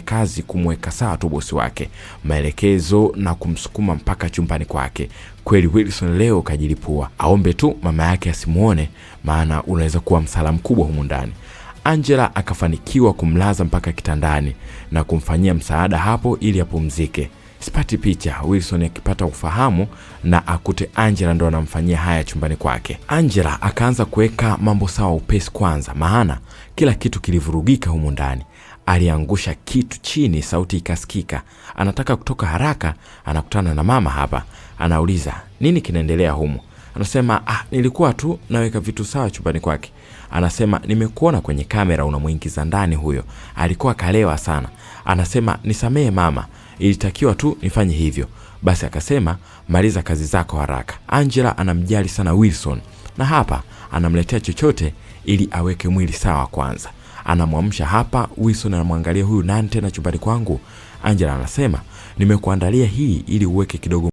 kazi kumweka sawa tu bosi wake, maelekezo na kumsukuma mpaka chumbani kwake. Kweli Wilson leo kajilipua, aombe tu mama yake asimuone, maana unaweza kuwa msala mkubwa humu ndani. Angela akafanikiwa kumlaza mpaka kitandani na kumfanyia msaada hapo ili apumzike sipati picha, Wilson akipata ufahamu na akute Angela ndo anamfanyia haya chumbani kwake. Angela akaanza kuweka mambo sawa upesi kwanza, maana kila kitu kilivurugika humu ndani. Aliangusha kitu chini, sauti ikasikika. Anataka kutoka haraka, anakutana na mama hapa, anauliza nini kinaendelea humu. Anasema ah, nilikuwa tu naweka vitu sawa chumbani kwake. Anasema nimekuona kwenye kamera unamwingiza ndani, huyo alikuwa kalewa sana. Anasema nisamehe mama, ilitakiwa tu nifanye hivyo. Basi akasema maliza kazi zako haraka. Angela anamjali sana Wilson na hapa anamletea chochote ili aweke mwili sawa kwanza. Anamwamsha hapa. Wilson anamwangalia huyu nani tena chumbani kwangu? Angela anasema nimekuandalia hii ili uweke kidogo